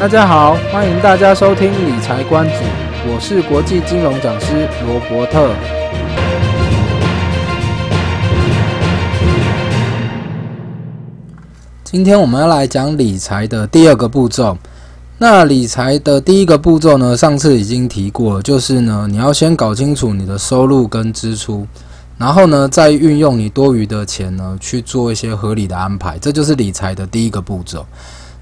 大家好，歡迎大家收聽理財觀注，我是國際金融講師羅伯特。今天我們要來講理財的第二個步驟。那理財的第一個步驟呢，上次已經提過了，就是呢，你要先搞清楚你的收入跟支出，然後呢，再運用你多餘的錢呢，去做一些合理的安排，這就是理財的第一個步驟。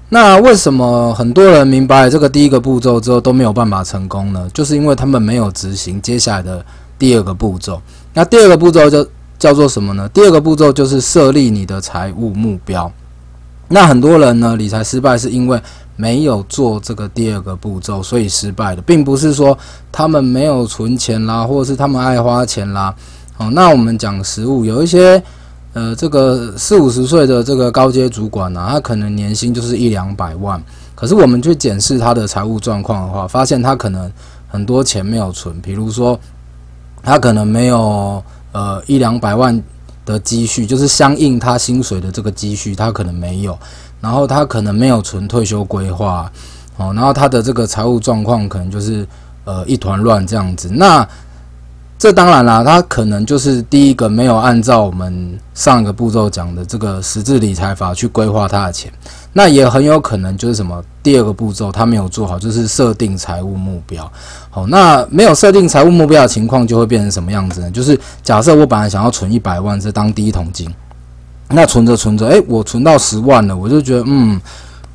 那為什麼很多人明白這個第一個步驟之後都沒有辦法成功呢？就是因為他們沒有執行接下來的第二個步驟。那第二個步驟就叫做什麼呢？第二個步驟就是設立你的財務目標。那很多人呢，理財失敗是因為沒有做這個第二個步驟，所以失敗的，並不是說他們沒有存錢啦，或者是他們愛花錢啦。哦，那我們講實物有一些。呃，這個四五十歲的這個高階主管呢、啊，他可能年薪就是一兩百萬，可是我們去檢視他的財務狀況的話，發現他可能很多錢沒有存，比如說他可能沒有呃一兩百萬的積蓄，就是相應他薪水的這個積蓄他可能沒有，然後他可能沒有存退休規劃，哦，然後他的這個財務狀況可能就是呃一團亂這樣子，那。這當然啦，他可能就是第一個沒有按照我們上一個步驟講的這個實質理財法去規劃他的錢，那也很有可能就是什麼第二個步驟他沒有做好，就是設定財務目標。好，那沒有設定財務目標的情況就會變成什麼樣子呢？就是假設我本來想要存一百萬這當第一桶金，那存着存着，誒，我存到十萬了，我就覺得，嗯，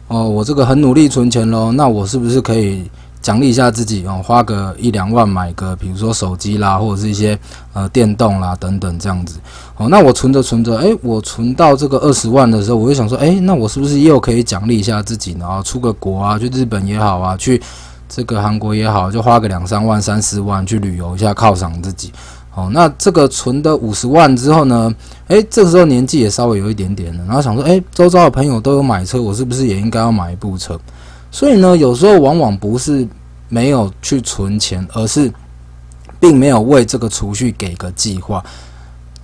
哦，我這個很努力存錢嘍，那我是不是可以？獎勵一下自己哦，花個一兩萬買個，比如說手機啦，或者是一些呃電動啦等等這樣子。好，那我存着存着，誒、欸，我存到這個二十萬的時候，我就想說，誒、欸，那我是不是又可以獎勵一下自己然後出個國啊，去日本也好啊，去這個韓國也好，就花個兩三萬、三四萬去旅遊一下，犒賞自己。好，那這個存的五十萬之後呢？誒、欸，這個時候年紀也稍微有一點點了，然後想說，誒、欸，周遭的朋友都有買車，我是不是也應該要買一部車？所以呢，有時候往往不是。沒有去存錢，而是並沒有為這個儲蓄給個計劃，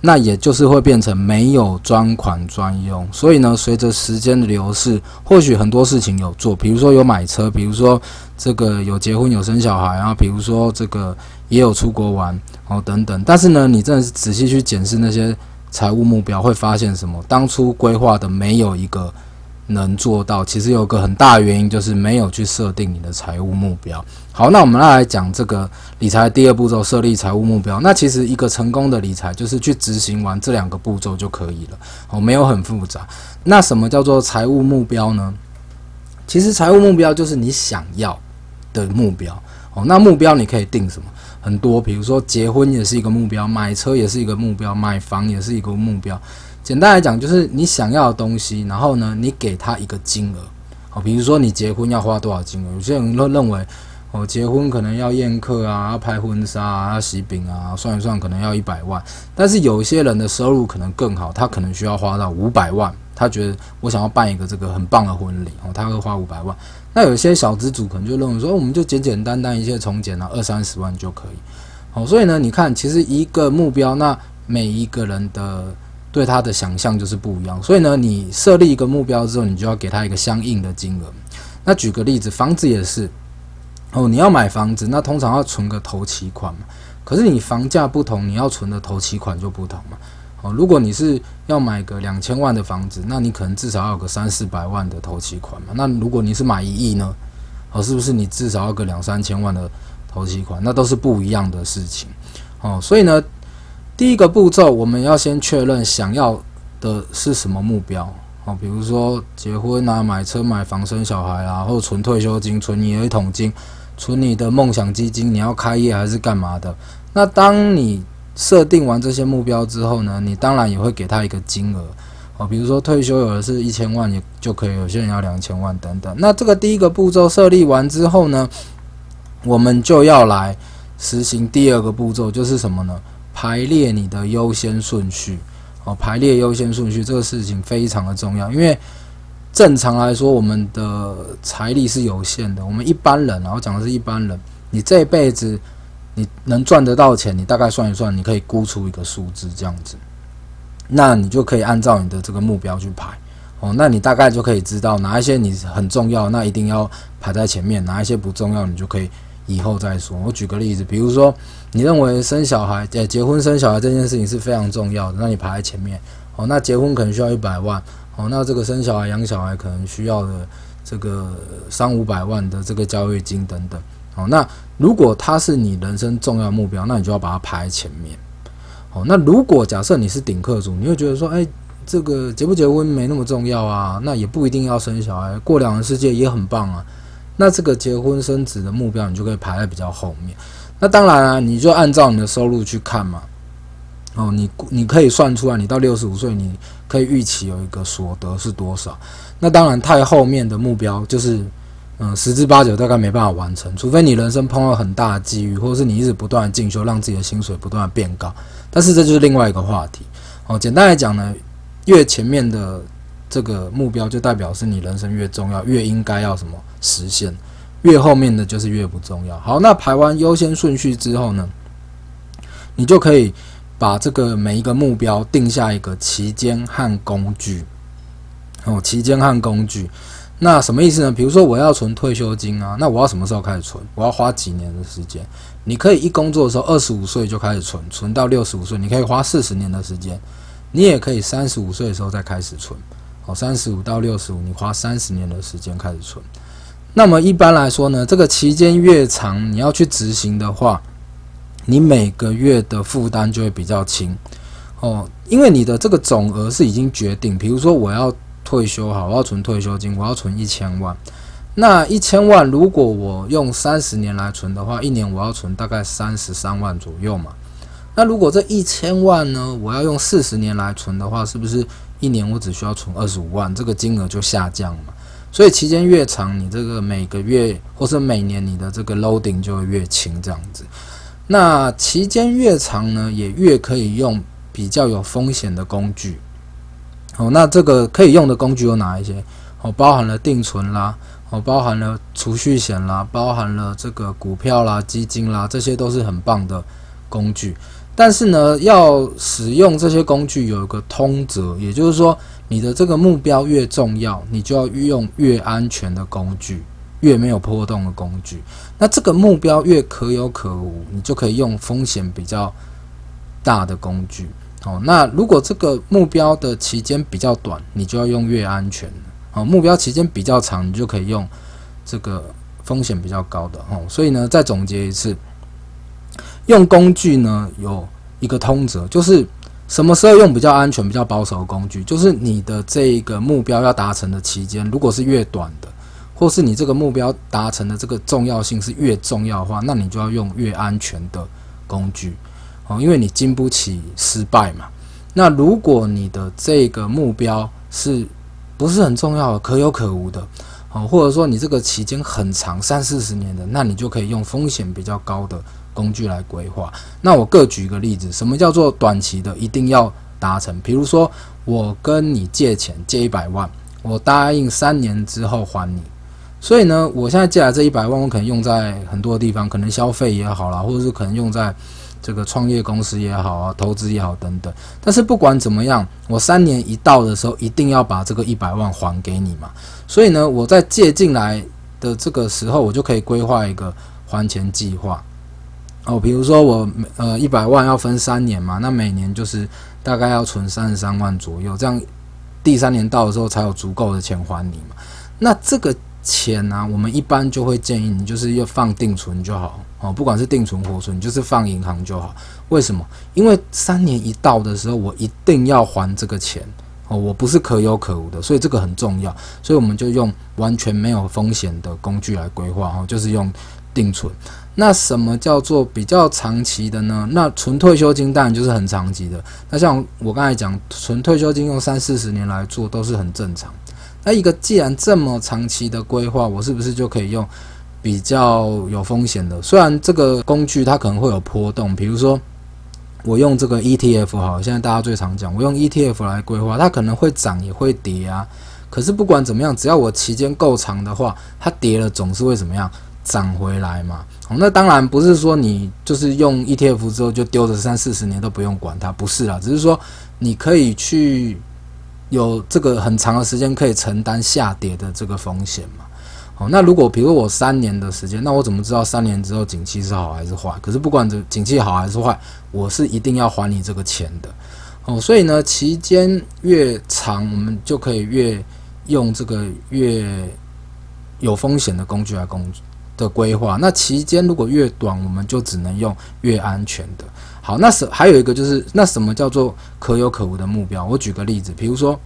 那也就是會變成沒有專款專用。所以呢，隨着時間的流逝，或許很多事情有做，比如說有買車，比如說這個有結婚有生小孩，然後比如說這個也有出國玩，然後等等。但是呢，你真的仔細去檢視那些財務目標，會發現什麼？當初規劃的沒有一個能做到，其實有個很大原因就是沒有去設定你的財務目標。好，那我們那來講這個理財的第二步驟，設立財務目標。那其實一個成功的理財就是去執行完這兩個步驟就可以了，哦，沒有很複雜。那什麼叫做財務目標呢？其實財務目標就是你想要的目標。哦，那目標你可以定什麼？很多，比如說結婚也是一個目標，買車也是一個目標，買房也是一個目標。簡單來講，就是你想要的東西，然後呢，你給他一個金額，比如說你結婚要花多少金額？有些人認為，哦，結婚可能要宴客啊，要拍婚紗啊，喜餅啊，算一算可能要一百萬。但是有一些人的收入可能更好，他可能需要花到五百萬。他覺得我想要辦一個這個很棒的婚禮，哦，他會花五百萬。那有些小資族可能就認為說，我們就簡簡單單，一切，從簡了，二三十萬就可以。好、哦，所以呢，你看，其實一個目標，那每一個人的。對他的想象就是不一樣，所以呢，你設立一個目標之後，你就要給他一個相應的金額。那舉個例子，房子也是哦，你要買房子，那通常要存個投期款嘛。可是你房價不同，你要存的投期款就不同嘛。哦，如果你是要買個兩千萬的房子，那你可能至少要有個三四百萬的投期款嘛。那如果你是買一億呢，哦，是不是你至少要個兩三千萬的投期款？那都是不一樣的事情哦，所以呢。第一個步驟，我們要先確認想要的是什麼目標，好，比如說結婚啊、買車、買房、生小孩啊，或存退休金、存你的一桶金、存你的夢想基金，你要開業還是幹嘛的？那當你設定完這些目標之後呢，你當然也會給他一個金額，好，比如說退休有的是一千萬也就可以，有些人要兩千萬等等。那這個第一個步驟設立完之後呢，我們就要來實行第二個步驟，就是什麼呢？排列你的優先順序，哦，排列優先順序這個事情非常的重要，因為正常來說，我們的財力是有限的。我們一般人，然後講的是一般人，你這輩子你能賺得到錢，你大概算一算，你可以估出一個數字這樣子，那你就可以按照你的這個目標去排，哦，那你大概就可以知道哪一些你很重要，那一定要排在前面；哪一些不重要，你就可以以後再說。我舉個例子，比如說。你認為生小孩、欸、結婚生小孩這件事情是非常重要的，那你排在前面，好、哦，那結婚可能需要一百萬，好、哦，那這個生小孩、養小孩可能需要的這個三五百萬的這個教育金等等，好、哦，那如果它是你人生重要的目標，那你就要把它排在前面，好、哦，那如果假設你是頂客族，你會覺得說，誒、欸，這個結不結婚沒那麼重要啊，那也不一定要生小孩，過兩人世界也很棒啊，那這個結婚生子的目標，你就可以排在比較後面。那當然啊，你就按照你的收入去看嘛。哦，你你可以算出來，你到六十五歲，你可以預期有一個所得是多少。那當然，太後面的目標就是，嗯，十之八九大概沒辦法完成，除非你人生碰到很大的機遇，或是你一直不斷的進修，讓自己的薪水不斷的變高。但是這就是另外一個話題。哦，簡單來講呢，越前面的這個目標，就代表是你人生越重要，越應該要什麼，實現。越後面的就是越不重要。好，那排完優先順序之後呢，你就可以把這個每一個目標定下一個期間和工具。哦，期間和工具，那什麼意思呢？比如說我要存退休金啊，那我要什麼時候開始存？我要花幾年的時間？你可以一工作的時候，二十五歲就開始存，存，存到六十五歲，你可以花四十年的時間。你也可以三十五歲的時候再開始存，哦，三十五到六十五，你花三十年的時間開始存。那麼一般來說呢，這個期間越長，你要去執行的話，你每個月的負擔就會比較輕，哦，因為你的這個總額是已經決定。比如說我要退休，好，我要存退休金，我要存一千萬。那一千萬如果我用三十年來存的話，一年我要存大概三十三萬左右嘛。那如果這一千萬呢，我要用四十年來存的話，是不是一年我只需要存二十五萬？這個金額就下降了。所以期間越長，你這個每個月或是每年你的這個 loading 就會越輕，這樣子。那期間越長呢，也越可以用比較有風險的工具。好，那這個可以用的工具有哪一些？哦，包含了定存啦，哦，包含了儲蓄險啦，包含了這個股票啦、基金啦，這些都是很棒的工具。但是呢，要使用這些工具有一個通則，也就是說。你的這個目標越重要，你就要用越安全的工具，越沒有波動的工具。那這個目標越可有可無，你就可以用風險比較大的工具。好、哦，那如果這個目標的期間比較短，你就要用越安全的、哦。目標期間比較長，你就可以用這個風險比較高的。哈、哦，所以呢，再總結一次，用工具呢有一個通則，就是。什麼時候用比較安全、比較保守的工具？就是你的這個目標要達成的期間，如果是越短的，或是你這個目標達成的這個重要性是越重要的話，那你就要用越安全的工具，哦，因為你經不起失敗嘛。那如果你的這個目標是不是很重要的，可有可無的，哦，或者說你這個期間很長，三四十年的，那你就可以用風險比較高的。工具來規劃。那我各舉一個例子，什麼叫做短期的，一定要達成？比如說，我跟你借錢，借一百萬，我答應三年之後還你。所以呢，我現在借來這一百萬，我可能用在很多地方，可能消費也好啦，或者是可能用在這個創業公司也好啊，投資也好等等。但是不管怎麼樣，我三年一到的時候，一定要把這個一百萬還給你嘛。所以呢，我在借進來的這個時候，我就可以規劃一個還錢計劃。哦，比如說我呃一百萬要分三年嘛，那每年就是大概要存三十三萬左右，這樣第三年到的時候才有足夠的錢還你嘛。那這個錢呢、啊，我們一般就會建議你就是要放定存就好哦，不管是定存活存，你就是放銀行就好。為什麼？因為三年一到的時候，我一定要還這個錢哦，我不是可有可無的，所以這個很重要。所以我們就用完全沒有風險的工具來規劃哦，就是用定存。那什麼叫做比較長期的呢？那純退休金當然就是很長期的。那像我剛才講，純退休金用三四十年來做都是很正常。那一個既然這麼長期的規劃，我是不是就可以用比較有風險的？雖然這個工具它可能會有波動，比如說我用這個 ETF 哈。現在大家最常講，我用 ETF 來規劃，它可能會漲也會跌啊。可是不管怎麼樣，只要我期間夠長的話，它跌了總是會怎麼樣？漲回來嘛。哦，那當然不是說你就是用 ETF 之後就丟着三四十年都不用管它，不是啦，只是說你可以去有這個很長的時間可以承擔下跌的這個風險嘛。哦，那如果比如我三年的時間，那我怎麼知道三年之後景氣是好還是壞？可是不管這景氣好還是壞，我是一定要還你這個錢的。哦，所以呢，期間越長，我們就可以越用這個越有風險的工具來工作。的規劃，那期間如果越短，我們就只能用越安全的。好，那是還有一個就是，那什麼叫做可有可無的目標？我舉個例子，比如說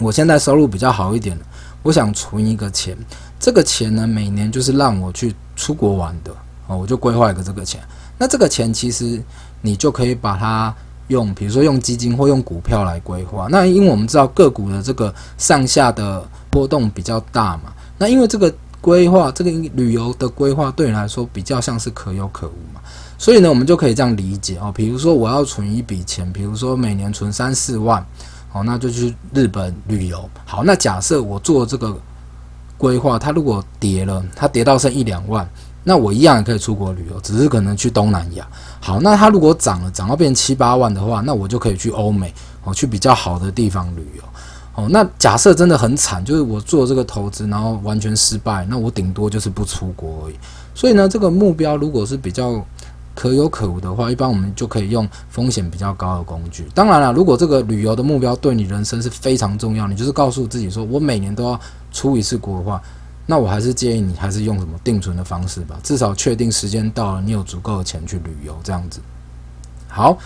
我現在收入比較好一點，我想存一個錢，這個錢呢，每年就是讓我去出國玩的，哦，我就規劃一個這個錢。那這個錢其實你就可以把它用，比如說用基金或用股票來規劃。那因為我們知道個股的這個上下的波動比較大嘛，那因為這個。規劃這個旅遊的規劃對你來說比較像是可有可無嘛，所以呢，我們就可以這樣理解哦。比如說我要存一筆錢，比如說每年存三四萬，哦，那就去日本旅遊。好，那假設我做這個規劃，它如果跌了，它跌到剩一兩萬，那我一樣也可以出國旅遊，只是可能去東南亞。好，那它如果漲了，漲到變成七八萬的話，那我就可以去歐美，哦，去比較好的地方旅遊。哦，那假設真的很慘，就是我做這個投資，然後完全失敗，那我頂多就是不出國而已。所以呢，這個目標如果是比較可有可無的話，一般我們就可以用風險比較高的工具。當然了，如果這個旅遊的目標對你人生是非常重要，你就是告訴自己說，我每年都要出一次國的話，那我還是建議你還是用什麼定存的方式吧，至少確定時間到了，你有足夠的錢去旅遊，這樣子。好。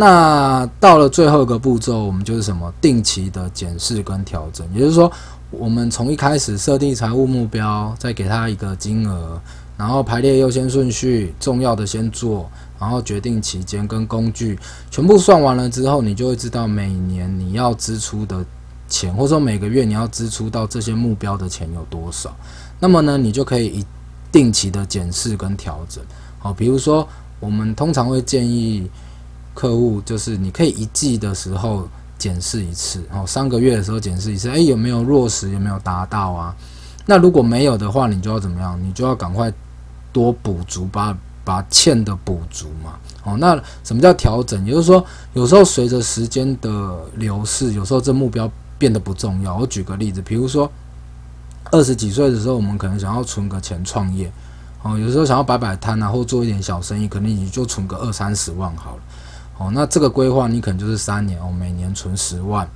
那到了最後一個步驟，我們就是什麼定期的檢視跟調整。也就是說，我們從一開始設定財務目標，再給他一個金額，然後排列優先順序，重要的先做，然後決定期間跟工具。全部算完了之後，你就會知道每年你要支出的錢，或者說每個月你要支出到這些目標的錢有多少。那麼呢，你就可以以定期的檢視跟調整。好，比如說我們通常會建議。客戶就是，你可以一季的時候檢視一次，哦，三個月的時候檢視一次，哎、欸，有沒有落實，有沒有達到啊？那如果沒有的話，你就要怎麼樣？你就要趕快多補足，把把欠的補足嘛。哦，那什麼叫調整？也就是說，有時候隨着時間的流逝，有時候這目標變得不重要。我舉個例子，比如說二十幾歲的時候，我們可能想要存個錢創業，哦，有時候想要擺擺攤，然後做一點小生意，可能你就存個二三十萬好了。哦，那這個規劃你可能就是三年哦，每年存十萬，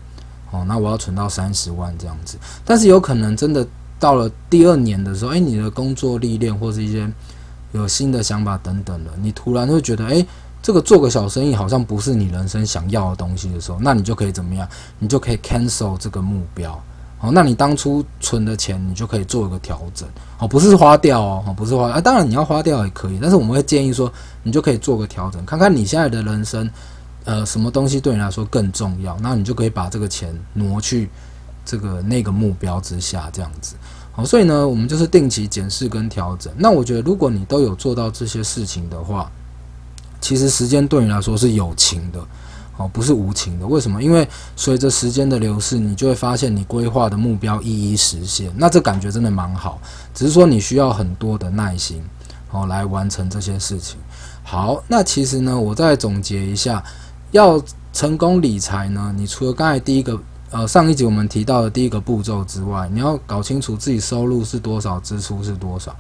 哦，那我要存到三十萬這樣子。但是有可能真的到了第二年的時候，哎、欸，你的工作歷練或是一些有新的想法等等的，你突然會覺得，哎、欸，這個做個小生意好像不是你人生想要的東西的時候，那你就可以怎麼樣？你就可以 cancel 這個目標。哦，那你當初存的錢，你就可以做一個調整，哦，不是花掉哦，哦，不是花，啊，當然你要花掉也可以，但是我們會建議說，你就可以做個調整，看看你現在的人生，呃，什麼東西對你來說更重要，那你就可以把這個錢挪去這個那個目標之下，這樣子，好、哦，所以呢，我們就是定期檢視跟調整。那我覺得，如果你都有做到這些事情的話，其實時間對你來說是友情的。哦，不是無情的，為什麼？因為隨着時間的流逝，你就會發現你規劃的目標一一實現，那這感覺真的蠻好。只是說你需要很多的耐心，哦，來完成這些事情。好，那其實呢，我再總結一下，要成功理財呢，你除了剛才第一個，呃，上一集我們提到的第一個步驟之外，你要搞清楚自己收入是多少，支出是多少。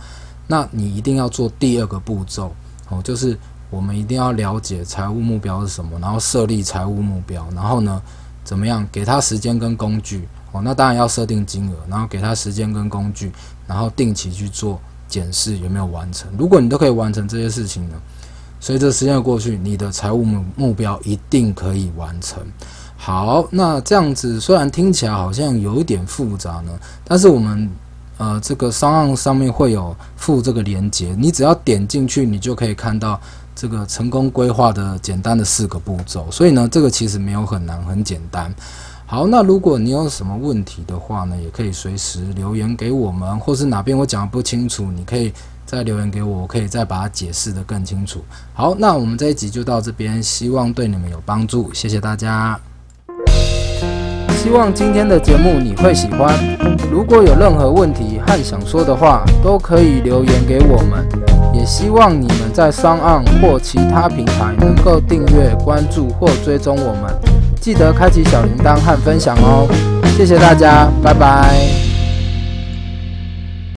那你一定要做第二個步驟，哦，就是。我們一定要了解財務目標是什麼，然後設立財務目標，然後呢，怎麼樣給他時間跟工具哦？那當然要設定金額，然後給他時間跟工具，然後定期去做檢視有沒有完成。如果你都可以完成這些事情呢，隨着時間的過去，你的財務目標一定可以完成。好，那這樣子雖然聽起來好像有一點複雜呢，但是我們呃這個商案上面會有附這個連接，你只要點進去，你就可以看到。這個成功規劃的簡單的四個步驟，所以呢，這個其實沒有很難，很簡單。好，那如果你有什麼問題的話呢，也可以隨時留言給我們，或是哪邊我講的不清楚，你可以再留言給我，我可以再把它解釋得更清楚。好，那我們這一集就到這邊，希望對你們有幫助，謝謝大家。希望今天的節目你會喜歡。如果有任何問題和想說的話，都可以留言給我們。也希望你們在 SoundOn 或其他平台能夠訂閱、關注或追蹤我們。記得開啟小鈴鐺和分享哦。謝謝大家，拜拜。